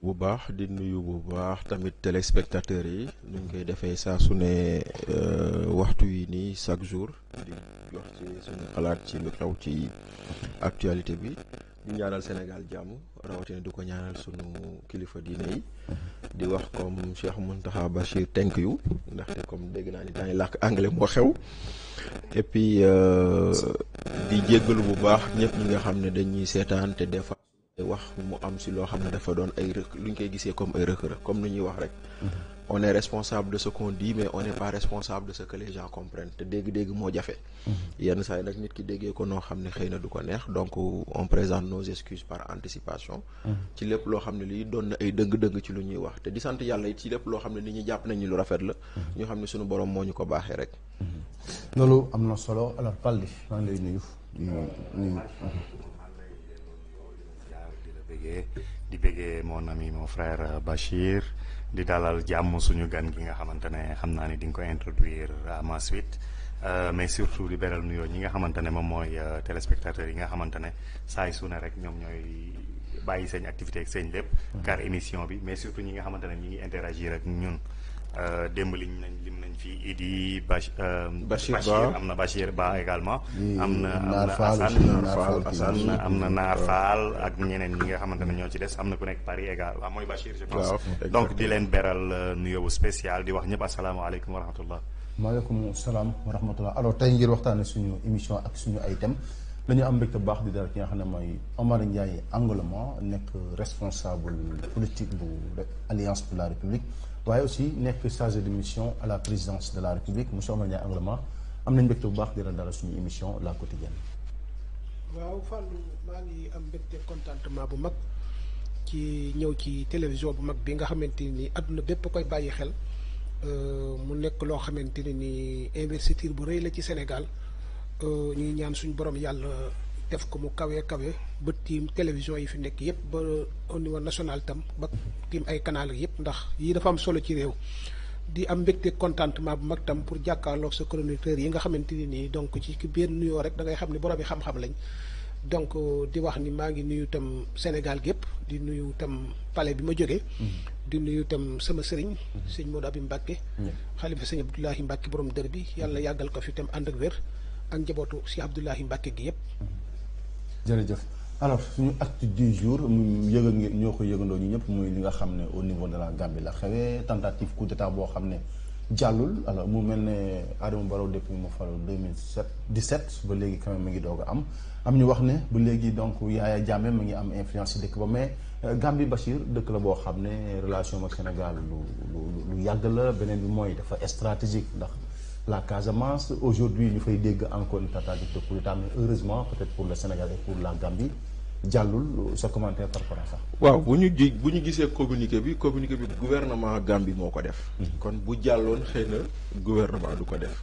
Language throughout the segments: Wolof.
bu baax di nuyu bu baax tamit téléspectateurs yi nu koy defee saa su ne euh, waxtu yi nii chaque jour di jox ci suñu xalaat ci lu xew ci actualité bi di ñaanal Sénégal jàmm rawatina di ko ñaanal sunu kilifa diine yi di wax comme Cheikh taxa Bachir tenk you ndaxte comme dégg naa ni daañu làkk anglais moo xew et puis euh, di jéggalu bu baax ñëpp ñi nga xam ne dañuy seetaan te des wax mu am si loo xam ne dafa doon ay rëkk lu ñu koy gisee comme ay rëkk comme ni ñuy wax rek. Mm-hmm. on est responsable de ce qu'on dit mais on n'est pas responsable de ce que les gens comprennent te dégg-dégg moo jafe. Mm-hmm. yenn saa yi nag nit ki déggee ko noo xam ne xëy na du ko neex donc on présente nos excuses par anticipation. Mm-hmm. ci lépp loo xam ne lii doon na ay dëng-dëng ci lu ñuy wax te di sant yàlla it ci lépp loo xam ne nit ñi jàpp ni lu rafet la. ñu xam ne suñu borom moo ñu ko baaxee rek. loolu am na solo alors Paldi maa ngi lay nuyu. nuyu di bëggee mon ami mon frère euh, Bachir di dalal jàmm suñu gan gi nga xamante ne xam naa ni dinga ko introduire à ma suite euh, mais surtout di beral nuyoo ñi nga xamante ne moom mooy euh, téléspectateurs yi nga xamante ne saay su ne rek ñoom ñooy bàyyi seen activité ak seen lépp. car émission bi mais surtout ñi nga xamante ne ñi ngi interagir rek ñun. Euh, démb liñ nañ lim nañ fii Idi Bach. Euh, Bachir Ba am na Bachir Ba également. am na am na na Naar Fall ak ñeneen ñi nga xamante ne ñoo ci des am na ku nekk Paris également mooy Bachir je pense. donc di leen beral euh, nuyoo bu spécial di wax ñëpp asalaamaaleykum wa rahmatullah. maaleykum salaam wa rahmatullah tey ngir waxtaane suñu émission ak suñu ay dem dañu am mbégte bu baax di dara ki nga xam ne mooy Omar Ndiaye Angloma nekk responsable politique bu alliance pour la république waaye aussi nekk chargé de mission à la présidence de la république monsieur Omar Ndiaye Angloma am nañ mbégte bu baax di la dara suñu émission la quotidienne waaw fallu maa ngi am mbégte contentement bu mag ci ñëw ci télévision bu mag bi nga xamante ni àdduna bépp koy bàyyi xel euh, mu nekk loo xamante ne ni investiture bu rëy la ci Sénégal ñi ñaan suñ borom yàlla def ko mu kawe kawe ba tiim télévision yi fi nekk yépp ba au niveau national tam ba tiim ay canal yépp ndax yii dafa am solo ci réew di am mbégte contentement bu mag tam pour jàkkaarloog sa chroniqueur yi nga xamante ni nii donc ci ki biir nuyoo rek da ngay xam ne borom yi xam-xam lañ donc euh, di wax ni maa ngi nuyu tam Sénégal gépp di nuyu tam palais bi ma jógee mm-hmm. di nuyu tam sama sëriñ mm-hmm. sëriñ Modou Abi Mbacke xalifa sëriñ Abdoulahi Mbacke borom dër bi mm-hmm. yàlla yàggal ko fi tam ànd ak wér ak njabootu si Abdoulahi Mbacke gi yëpp. jërëjëf alors suñu acte du jour yëgal ngeen ñoo ko yëgandoo ñu ñëpp muy li nga xam ne au niveau de la gàmbi la xewee tentative coup d'état boo xam ne jàllul alors mu mel ne Adama Barrow depuis mu falu 2007 17 ba léegi quand mu ngi doog am am ñu wax ne ba léegi donc Yaya jàmmee mi ngi am influence ci dëkk ba mais euh, Gambie Bachir dëkk la boo xam ne relation ak Sénégal lu lu lu yàgg la beneen bi mooy dafa stratégique ndax. la Casamance. Aujourd'hui, nous faisons encore une tentative de coup mais heureusement, peut-être pour le Sénégal et pour la Gambie, Dialoul, ce commentaire par rapport à ça. waaw vous nous, vous nous dites communiqué bi communiqué bi gouvernement Gambie moo ko def. Mm-hmm. kon bu jàlloon xëy le gouvernement du ko def.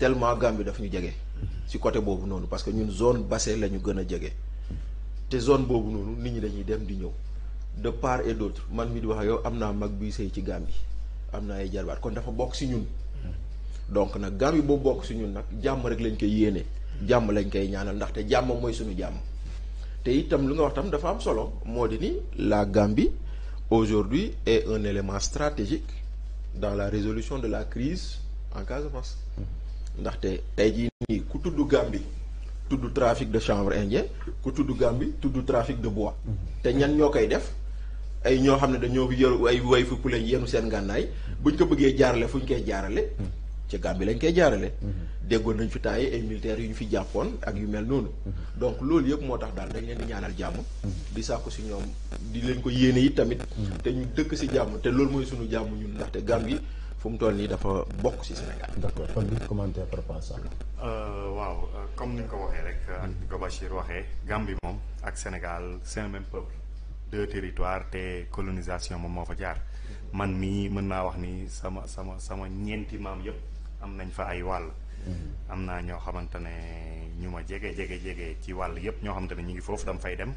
tellement Gambie daf ñu c'est ci côté bobu noonu parce que ñun zone basse lañu gëna gën té zone zone nit ñi dañuy dem di de part et d'autre man mi di wax yow Nous mag ci donc ci ñun rek lañ lañ suñu itam lu nga wax am solo la Gambie aujourd'hui est un élément stratégique dans la résolution de la crise en té tay ji ni ku tuddu gambi, tuddu trafic de chanvre indien ku tuddu gambi, tuddu trafic de bois. Mhm. té ñan ñokay def ay ño xamné dañu dañoo yor ay way fu poulet yenu sen gannaay buñ ko bëggé jaarale fuñ koy jaarale. Mhm. ci gambi lañ koy jaarale. Mhm. déggoon nañ fi taay ay militaire yuñ fi jàppoon ak yu mel nonu donc lool yëpp motax tax daal dañ leen di ñaanal jamm di si ñom di leen ko yéene yi tamit. té ñu dëkk si jamm té lool moy suñu jamm ñun té gambi fum mu toll nii dafa bok ci senegal d'accord fam kon commentaire par rapport à ça. waaw comme ni nga ko waxee rek ak ni ko Gambie mom ak senegal c'est est le même peuple deux territoires té colonisation mom moo fa jaar hmm. man mi mën na wax ni sama sama sama ñenti mam yépp am nañ fa ay wal hmm. am na ño xamante ñuma ñu ma jege ci wal yépp ño xamante ñi ngi fofu dam fay dem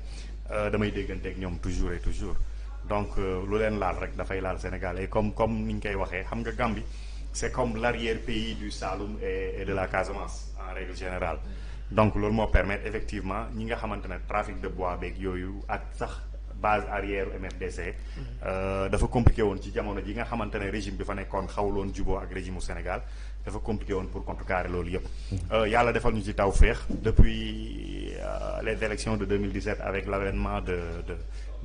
euh damay ak ñom toujours et toujours. donc euh, lu leen laal rek dafay laal Sénégal et comme comme niñ koy waxee xam nga Gambie c'est comme l'arrière-pays du Saloum et, de la Casamance en règle générale donc loolu moo permet effectivement ñi nga xamante trafic de bois beeg yooyu ak sax base arrière MFDC. Euh, dafa compliqué woon ci jamono ji nga xamante régime bi fa nekkoon xawloon juboo ak régime u Sénégal dafa compliqué woon pour contrecarrer loolu yëpp. Euh, yàlla defal ñu ci taw depuis euh, les élections de 2017 avec l'avènement de de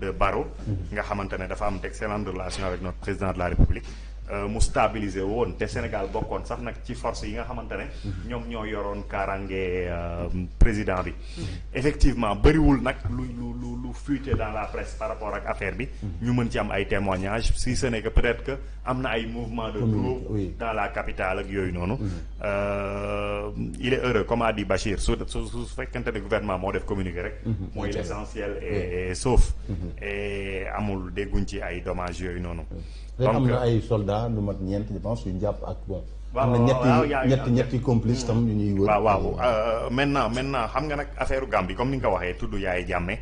de Barro. Mm-hmm. nga xamante ne dafa am d'excellentes relation avec notre président de la République. Euh, mu stabiliser woon te Sénégal bokkoon sax nag ci force yi nga xamante ne mhm. ñoom ñoo yoroon kaaraange euh, président bi mhm. effectivement bëriwul nag lu lu lu lu fuité dans la presse par rapport ak affaire bi mhm. ñu mën ci am ay témoignages si ce n'est que être que am na ay mouvement de troupe dans la capitale ak yooyu noonu euh, il est heureux comme a dit Bachir su su fekkente ne gouvernement moo def communiqué rek mooy l'essentiel est sauf amul dégguñ ci ay dommages yooyu noonu donc am na ay soldats lu mat ñeent je pense yu jàpp ak bon. am na ñetti ñetti ya, ya, ñetti ya. complice tam yu ñuy wër. waaw waaw eh, maintenant maintenant xam nga nag affaire ah, Gambie comme ni nga ko waxee tudd Yaay Jàmme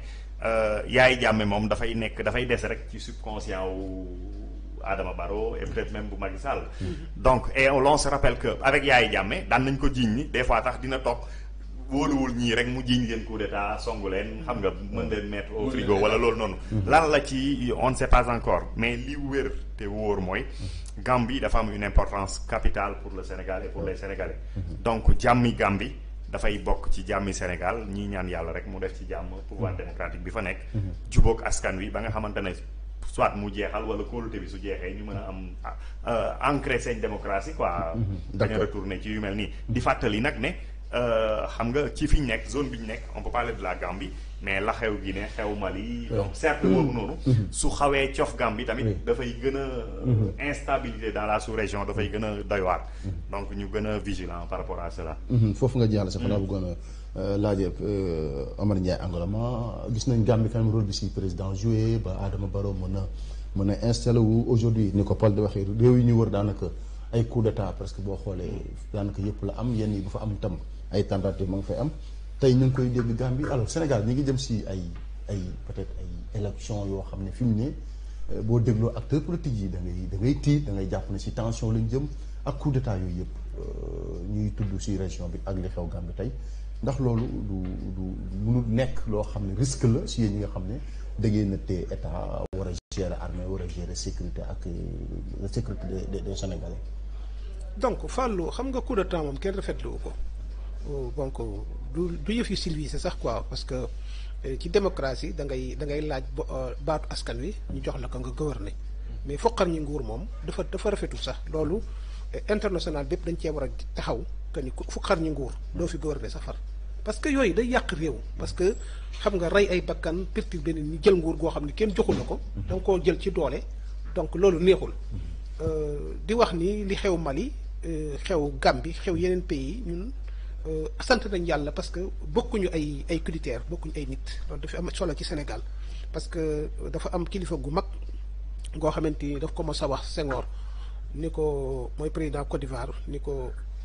eh, Yaay Jàmme moom dafay nekk dafay des rek ci subconscient wu Adama Barrow et peut-être même bu Macky hmm. donc et eh, on se rappelle que avec Yaay Jàmme daan nañ ko jiiñ des fois tax dina toog. wóoluwul ñii rek mu jiiñ leen coup d'état songu leen xam nga mën leen mettre au frigo wala loolu noonu mm-hmm. lan la ci on ne sait pas encore mais li wér te wóor mooy mm-hmm. Gambie dafa am une importance capitale pour le Sénégal et pour les Sénégalais mm-hmm. donc jàmmi Gambie dafay bokk ci jàmmi Sénégal ñii ñaan yàlla rek mu def ci jàmm pouvoir démocratique bi fa nekk jubóog askan wi ba nga xamante ne soit mu jeexal wala kóolute bi su jeexee ñu mën a am euh, ancré seen démocratie quoi dañu ci yu mel nii di fàttali nag ne Euh, xam nga ci fi ñu nekk zone bi ñu nekk on peut parler de la Gambie mais la xew ne xew Mali. donc cercle boobu mm-hmm. noonu. Mm-hmm. su xawee cof Gambie tamit. dafay gën a. Mm-hmm. instabilité dans la sous-région dafay gën a doy waar. donc ñu gën a vigilant par rapport à cela. foofu nga jàll sax xanaa bëggoon a euh, laajee euh, Omar Ndiaye gis nañ Gambie quand même rôle bi si président joué ba Adama Barrow mën a mën a installé wu aujourd'hui ni ko Paul di waxee réew yi ñu war daanaka ay coup d'état parce que boo xoolee daanaka yëpp la am yenn yi bu fa am tam. ay tentative ma nga fay am tay ñu ngi koy dégg Gambie alors Sénégal ñi ngi jëm si ay ay peut-être ay élection yo xamné ne fi mu ne euh, boo dégloo yi da ngay da ngay tiit da ngay japp né ci tension lañ jëm ak coup d'état yooyu yëpp euh, ñuy tudd ci région bi ak li xew Gambie tay ndax loolu du du mënul nekk loo xam ne risque la si yéen ñi nga xam ne da ngeen a téye état war a gérer armée war a gérer sécurité ak euh, la sécurité des des Sénégalais. donc Fallou xam nga coup d'état moom kenn rafetlu ko. Euh, donc du du yëf yu civilisé sax quoi parce que euh, ci démocratie da ngay da ngay laaj euh, baatu askan wi ñu jox la ko nga gouverner mais foqar ñi nguur moom dafa dafa rafetul sax loolu international bépp dañ cee war a taxaw que ni foqar ñi nguur doo fi gouverner sax far parce que yooyu day yàq réew parce que xam nga rey ay bakkan perturbé benn ni jël nguur goo xam ne kenn joxul la ko da nga koo jël ci doole donc loolu neexul di wax ni li xew Mali xew Gambie xew yeneen pays ñun Euh, sant nañ yàlla parce que bokkuñu ay ay critères bokkuñu ay nit loolu dafa am solo ci Sénégal parce que dafa am kilifa gu mag goo xamante ni daf ko mos a wax Senghor ni ko mooy président Côte d'Ivoire ni ko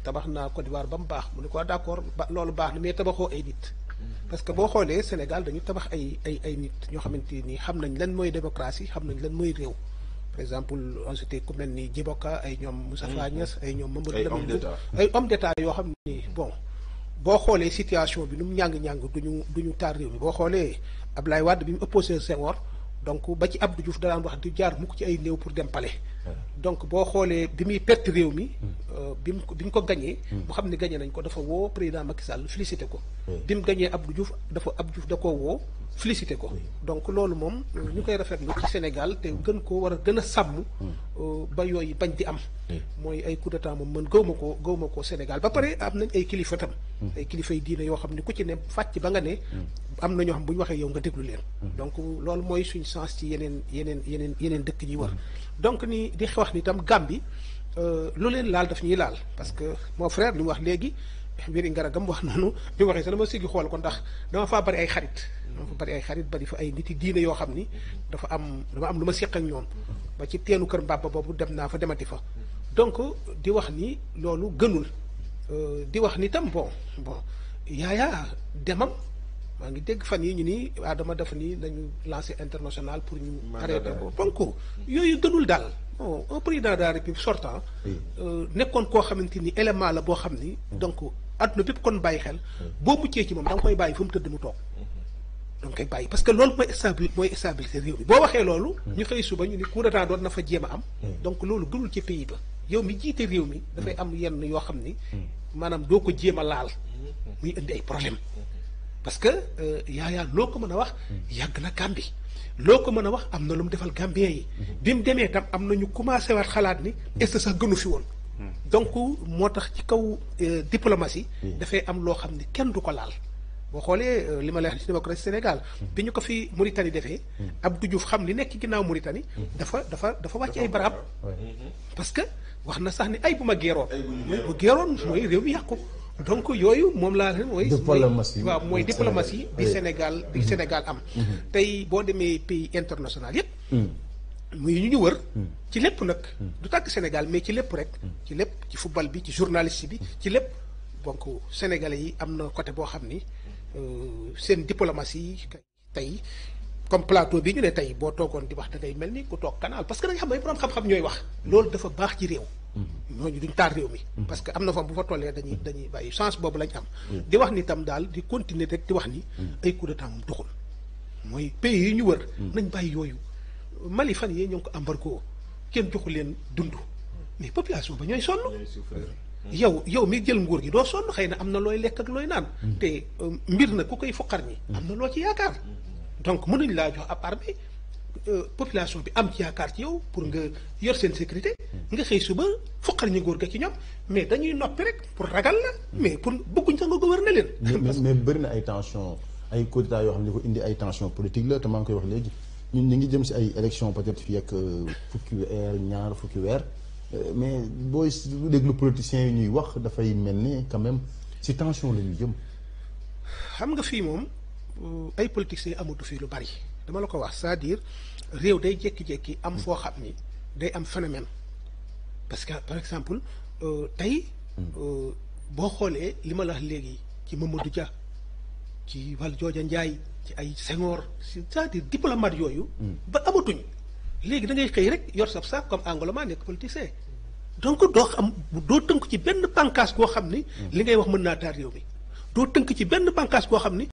tabax naa Côte d'Ivoire ba mu baax mu ni ko d'accord ba loolu baax na mais tabaxoo ay nit. Mm-hmm. parce que boo xoolee Sénégal dañu tabax ay ay ay nit ñoo xamante ni xam nañ lan mooy démocratie xam nañ lan mooy réew. par exemple anjité ku mel ni Djiboka ay ñoom Moustapha mm-hmm. Niasse ay ñoom Mamadou Lamine ay homme d'état yoo xam ni bon boo xoolee situation bi lu mu ñàng-ñàng duñu du ñu taar réew mi boo xoolee Ablaye Wade bi mu opposé Senghor donc ba ci ab Abdou Diouf danaan wax du jaar mukk ci ay néew pour dempale donc boo xoolee bi muy perte réew mi. Euh, bi mu bi ñu ko gañee mu xam ne gañee nañ ko dafa woo président Macky Sall félicité ko. bi mu gañee ab Diouf dafa ab Diouf da ko woo félicité ko. donc loolu moom euh, ñu koy rafetlu ci Sénégal te gën ko war a gën a sàmm. Euh, ba yooyu bañ di am. mooy ay coup d'état moom mën gëw ma ko gëw ma ko Sénégal ba pare am nañ ay kilifa ay kilifa yi diine yoo xam ne ku ci ne fàcc ba nga ne. am na ñoo xam bu ñu waxee yow nga déglu leen. donc loolu mooy suñu sens ci yeneen yeneen yeneen yeneen dëkk yi war di wax ni tam Gambie euh, laal parce que mon frère nous wax léegi mbiri ngaragam wax ko ndax dama bari ay xarit. dama fa bari ay xarit bari fa ay am donc di wax ni loolu gënul euh, di bon bon demam. ngi dégg fan yi ñu ni def ni international pour ñu bon un président de la république sortant. Euh, nekkoon koo xamante ni élément la boo xam ni. donc àdduna bépp kon bàyyi xel. boo muccee ci moom da koy bàyyi fu mu tëdd mu toog. Mhm. da nga koy bàyyi parce que loolu mooy stabilité mooy stabilité réew mi boo waxee loolu. Mhm. ñu xëy suba ñu ni coup d'état doon na fa jéem am. Mhm. donc loolu gënul ci pays ba. yow mi jiite réew mi. dafay am yenn yoo xam ni. maanaam doo ko jéem a laal. muy indi ay problème parce que euh, yaayaa loo ko mën a wax yàgg na Gambie loo ko mën a wax am na lu mu defal Gambien yi bi mu demee tam am na ñu commencé waat xalaat ni est-ce que sax gënu fi woon donc moo tax ci kaw euh, diplomatie dafay am loo xam ne kenn du ko laal boo xoolee euh, li ma lay wax ci démocratie Sénégal bi ñu ko fi Mauritanie defee Abdou Diouf xam li nekk ginnaaw Mauritanie dafa dafa dafa wàcc ay barab parce que wax na sax ni ay bu ma géeroon mooy bu géeroon mooy réew mi yàqu donc yooyu moom laa leen mooy diplomatie waaw mooy diplomatie bi Sénégal bi mhm. Sénégal am mhm. tey boo demee pays internationale yëpp mu mhm. ñu ñu wër ci lépp nag du tàkk Sénégal mais ci lépp rek ci lépp ci football bi ci journaliste bi ci lépp donc sénégalais yi am na côté boo xam ni euh, seen diplomatie tey comme plateau bi ñu ne tey boo toogoon di wax da ngay mel ni ku toog canal parce que da nga xam ay borom xam-xam ñooy wax loolu dafa baax ci réew ñooñu duñ taal réew mi. Mm-hmm. parce que am na fa bu fa tollee dañuy mm-hmm. dañuy bàyyi chance boobu lañ am. di wax ni tam daal di continuer rek di wax ni. Mm-hmm. ay coup de temps moom doxul. mooy pays yi ñu wër. nañ bàyyi yooyu Mali fan yee ñoo ngi ko embargo kenn joxu leen dund. mais population ba ñooy sonn. yow yow mi jël nguur gi doo sonn xëy na am na looy lekk ak looy naan. te euh, mbir na ku koy foqar ñi. am na loo ci yaakaar. donc mënuñ laa jox ab armée Euh, population bi am ci yaakaar ci yow pour nga yor seen sécurité nga xëy suba fuqal ñu góor ga ci ñoom mais dañuy noppi rek pour ragal la mais pour bëgguñ sax nga gouverné leen mais bëri na ay tension ay coup d'état yoo xam ne ko indi ay tension politique la te maa ngi koy wax léegi ñun ñu ngi jëm si ay élection peut-être fii ak euh, fukki weer ñaar fukki weer euh, mais booy déglu politiciens yi ñuy wax dafay mel ni quand même si tension la ñu jëm xam nga fii moom ay politiciens amatu fii lu bari dama la ko wax c'est-à-dire réew day jékki-jékki am foo xam ni day am phénomène parce que par exemple euh, tey mm. euh, boo xoolee li ma la wax léegi ci Mamadou Dia ci Valdiodio Ndiaye ci ay Senghor c'est-à-dire diplomate yooyu mm. ba amatuñ léegi da ngay xëy rek yor sab saak comme Angloma nekk politicien donc doo xam doo tënk ci benn bànqaas goo xam ni mm. li ngay wax mën naa taar réew mi doo tënk ci benn bànqaas goo xam ni